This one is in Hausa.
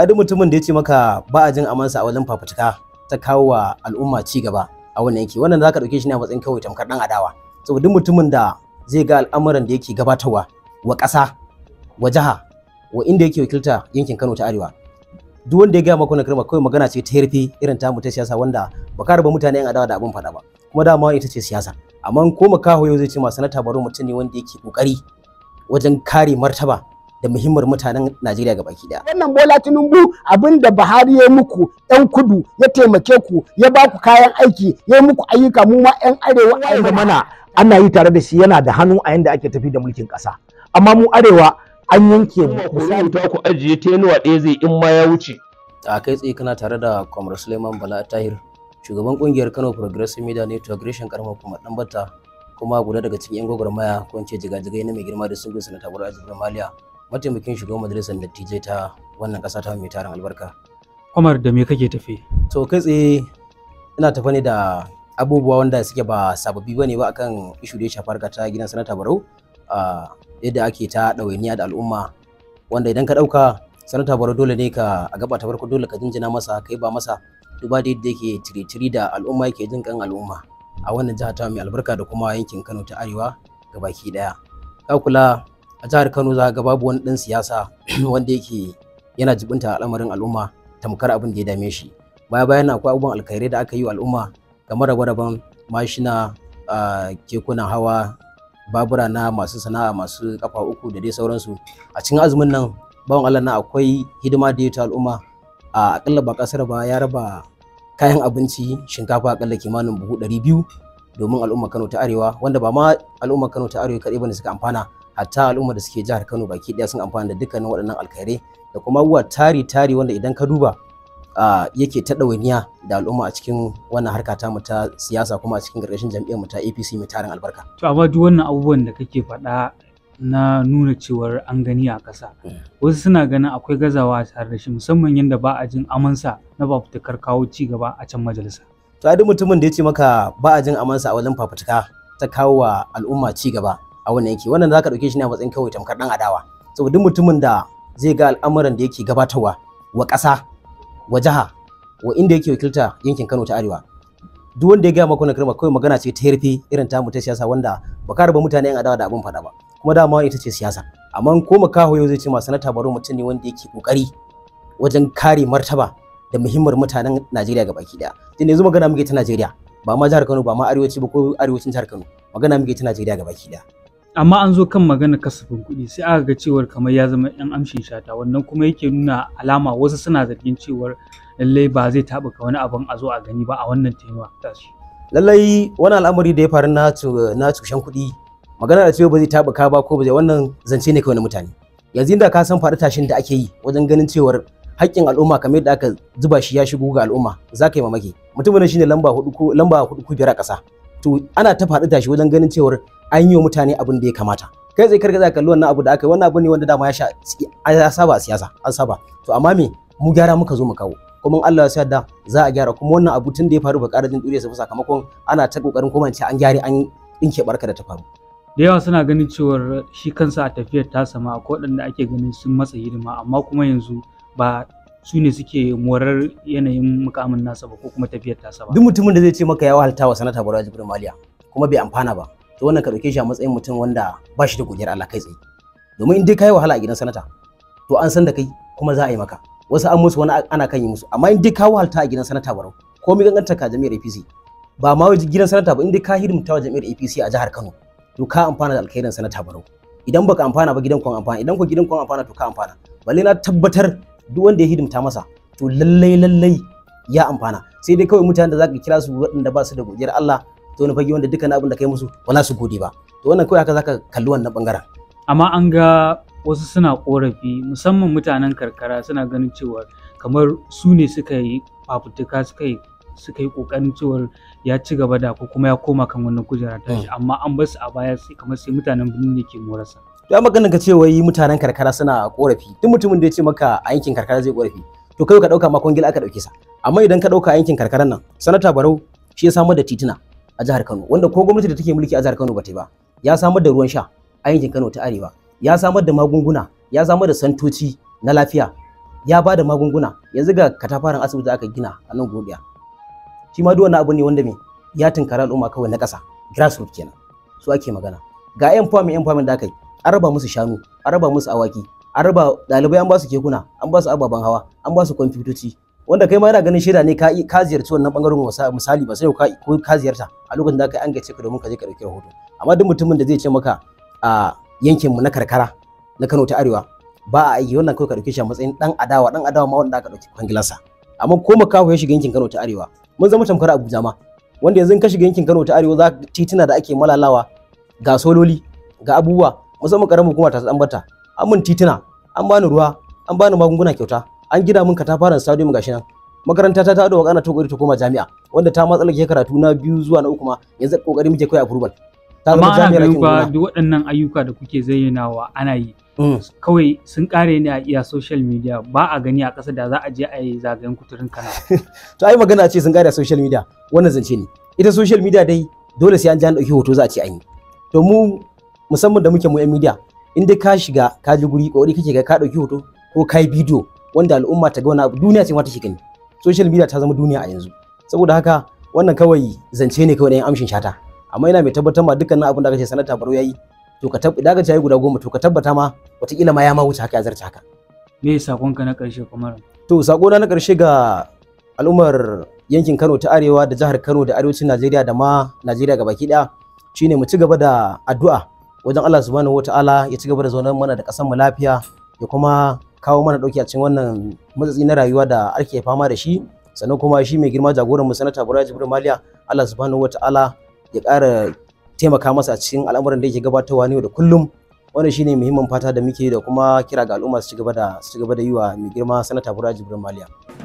ga mutumin da ya ce maka ba a jin amansa a wajen fafutuka ta kawo wa al'umma ci gaba a wannan yanki wannan zaka dauke shi ne a matsayin kawai tamkar dan adawa saboda duk mutumin da zai ga al'amuran da yake gabatarwa wa ƙasa wa jiha wa inda yake wakilta yankin Kano ta Arewa duk wanda ya ga maka wannan kalma kawai magana ce ta yarfi irin ta ta siyasa wanda ba ka raba mutane yan adawa da abin faɗa ba kuma dama ita ce siyasa amma ko makaho yau zai ce ma sanata baro mutum ne wanda yake kokari wajen kare martaba da muhimmar mutanen Najeriya gabaki daya. Wannan Bola Tinubu abin da Buhari ya muku ɗan kudu ya taimake ku ya ba ku kayan aiki ya muku ayyuka mu ma ƴan arewa. Ya mana ana yi tare da shi yana da hannu a yanda ake tafi da mulkin ƙasa. Amma mu arewa an yanke mu. Misali ta ku ajiye yanuwa ɗaya zai in ma ya wuce. A kai tsaye kana tare da Kwamar Suleiman Bala Tahir shugaban kungiyar Kano Progressive Media Network Reshen Karma kuma Ɗanbata kuma guda daga cikin 'yan gwagwarmaya ko in ce jigajigai na mai girma da sun sanata Bola Azubin Maliya mataimakin shugaban majalisar dattijai ta wannan ƙasa ta mai tarin albarka Omar da me kake tafe to kai tsaye ina tafa ne da abubuwa wanda suke ba sababbi ba ne ba akan ishu da ya shafar ta gidan sanata barau a yadda ake ta ɗawainiya da al'umma wanda idan ka ɗauka sanata barau dole ne ka a gaba ta farko dole ka jinjina masa kai ba masa duba da yadda yake tiritiri da al'umma yake jin kan al'umma a wannan jihar ta mai albarka da kuma yankin kano ta arewa gabaki ɗaya ka kula a jihar Kano za ga babu wani dan siyasa wanda yake yana jibinta al'amarin al'umma tamkar abin da ya dame shi baya bayan akwai abubuwan alkhairai da aka yi wa al'umma kamar rabe-raben mashina kekunan hawa babura na masu sana'a masu kafa uku da dai sauransu a cikin azumin nan bawan Allah na akwai hidima da ta al'umma a akalla ba kasar ba ya raba kayan abinci shinkafa akalla kimanin buhu 200 domin al'umma Kano ta Arewa wanda ba ma al'umma Kano ta Arewa kaɗai bane suka amfana hatta al'umma da suke jihar Kano baki daya sun amfana da dukkanin waɗannan alkhairai da kuma abubuwa tari tari wanda idan ka duba yake ta ɗawainiya da al'umma a cikin wannan harka ta mu ta siyasa kuma a cikin gargashin jam'iyyar mu ta APC mai tarin albarka. To amma duk wannan abubuwan da kake faɗa na nuna cewar an gani a ƙasa mm. wasu suna ganin akwai gazawa tare da shi musamman yadda ba a jin amansa na fafutukar kawo ci gaba a can majalisa. To a duk mutumin da ya ce maka ba a jin amansa a wajen fafutuka ta kawo wa al'umma ci gaba a wannan yanki wannan zaka dauke shi ne a matsayin kawai tamkar dan adawa saboda duk mutumin da zai ga al'amuran da yake gabatarwa wa ƙasa wa jaha wa inda yake wakilta yankin Kano ta Arewa duk wanda ya ga maka wannan kalma kawai magana ce ta yarfe irin ta ta siyasa wanda ba ka raba mutane yan adawa da abin fada ba kuma dama ita ce siyasa amma ko makaho yau zai ce ma sanata baro mutum ne wanda yake kokari wajen kare martaba da muhimmar mutanen Najeriya gabaki daya tun yanzu magana muke ta Najeriya ba ma jihar Kano ba ma arewaci ba ko arewacin jihar Kano magana muke ta Najeriya gabaki daya amma an zo kan magana kasafin kuɗi sai aka ga cewar kamar ya zama ɗan amshin shata wannan kuma yake nuna alama wasu suna zargin cewar lallai ba zai taɓuka wani abin a zo a gani ba a wannan taimaka. ta su. lallai wani al'amari da ya faru na na tushen kuɗi magana da cewa ba zai taɓuka ba ko ba zai wannan zance ne kawai na mutane yanzu inda ka san faɗi tashin da ake yi wajen ganin cewar haƙƙin al'umma kamar yadda aka zuba shi ya shigo ga al'umma za ka yi mamaki mutumin shi ne lamba hudu lamba hudu ko biyar a ƙasa to ana ta faɗi tashi wajen ganin cewar an yi wa mutane abin da ya kamata kai zai karga kalli wannan abu da aka yi wannan abu ne wanda dama ya sha a saba siyasa an saba to amma me mu gyara muka zo mu kawo kuma Allah ya sa da za a gyara kuma wannan abu tun da ya faru ba ƙara jin dure sa sakamakon ana ta kokarin kuma ce an gyare an dinke barka da ta faru da yawa suna ganin cewar shi kansa a tafiyar ta sama akwai waɗanda ake ganin sun matsa hidima amma kuma yanzu ba su ne suke morar yanayin mukamin nasa ba ko kuma tafiyar tasa ba duk mutumin da zai ce maka ya wahalta wa sanata Bola Jibril Maliya kuma bai amfana ba to wannan ka dauke shi a matsayin mutum wanda ba shi da gogiyar Allah kai tsaye domin in dai kai wahala a gidan sanata to an san da kai kuma za a yi maka wasu an musu wani ana kan yi musu amma in dai ka wahalta a gidan sanata barau ko mi ganganta ka jami'ar APC ba ma gidan sanata ba in dai ka hidimta wa jami'ar APC a jihar Kano to ka amfana da alkhairin sanata barau idan baka amfana ba gidan kun amfana idan ko gidan kun amfana to ka amfana balle na tabbatar duk wanda ya hidimta masa to lallai lallai ya amfana sai dai kawai mutanen da zaka kira su waɗanda ba su da godiyar Allah to wani fage wanda dukkan abin da kai musu wala su gode ba to wannan kawai haka zaka kalli wannan bangaren amma an ga wasu suna korafi musamman mutanen karkara suna ganin cewa kamar su ne suka yi fafutuka suka yi suka yi kokarin cewa ya ci gaba da ko kuma ya koma kan wannan kujera ta hmm. amma an basu a baya sai kamar sai mutanen birnin ne ke morasa to amma ka ce wai mutanen karkara suna korafi duk mutumin da ya ce maka a karkara zai korafi to kai ka dauka ma kongil aka dauke sa amma idan ka dauka yankin karkaran nan sanata barau shi ya samar da tituna a jihar Kano wanda ko gwamnati da take mulki a jihar Kano ba ta ba ya samar da ruwan sha a yankin Kano ta arewa ya samar da magunguna ya samar da santoci na lafiya ya ba da magunguna yanzu ga katafaren asibiti aka gina a nan gobiya shi ma duk wani abu ne wanda me ya tunkara al'umma kawai na ƙasa grassroots kenan su ake magana ga yan famin da aka an raba musu shanu an raba musu awaki an raba ɗalibai an ba su kekuna an ba su ababen hawa an ba su kwamfutoci wanda kai ma yana ganin shaida ne ka ziyarci wannan bangaren misali ba sai ko ka ziyarta a lokacin da kai an gace ka domin ka je ka dauki rahoto amma duk mutumin da zai ce maka a yankin mu na karkara na Kano ta Arewa ba a aiki wannan kai ka dauke shi a matsayin dan adawa dan adawa ma wanda aka dauki kwangilarsa amma ko maka ya shiga yankin Kano ta Arewa mun zama tamkar Abuja ma wanda yanzu ka shiga yankin Kano ta Arewa za tituna da ake malalawa ga sololi ga abubuwa musamman karamin hukuma ta dan bata an mun tituna an bani ruwa an bani magunguna kyauta an gida min katafaren stadium gashi nan makaranta ta tawo wakana ta kokari ta koma jami'a wanda ta matsala ke karatu na biyu zuwa na uku ma yanzu kokari muke kai approval ta Amma ana kin gona duk waɗannan ayyuka da kuke zayyanawa ana yi mm. kawai sun kare ne a iya social media ba a gani a ƙasa da za a je a yi zagayen kuturin kana to ai magana ce sun kare a social media wannan zance ne ita social media dai dole sai an ji an ɗauki hoto za a ce an yi to mu musamman da muke mu yan media in dai ka shiga ka ji guri kokari kake ka dauki hoto ko kai bidiyo wanda al'umma ta ga wani duniya ce ma take gani social media ta zama duniya a yanzu saboda haka wannan kawai zance ne kawai da yan amshin shata amma ina mai tabbatar ma dukkanin abin da kace sanata baro yayi to ka tabbata da yayi guda goma to ka tabbata ma wataƙila ma ya ma wuce haka ya zarta haka me sakonka na ƙarshe kuma to sako na na ƙarshe ga al'ummar yankin Kano ta arewa da jihar Kano da arewacin Najeriya da ma Najeriya gaba daya shine mu ci gaba da addu'a wajen Allah subhanahu wataala ya ci gaba da zaunar mana da ƙasar mu lafiya ya kuma kawo mana ɗauki a cikin wannan matsatsi na rayuwa da ake fama da shi sannan kuma shi mai girma jagoran mu sanata Buraji Jibril Maliya Allah subhanahu wataala ya ƙara taimaka masa a cikin al'amuran da yake gabatarwa ne da kullum wannan shine muhimmin fata da muke da kuma kira ga al'umma su ci gaba da su ci gaba da yi mai girma sanata Buraji Jibril Maliya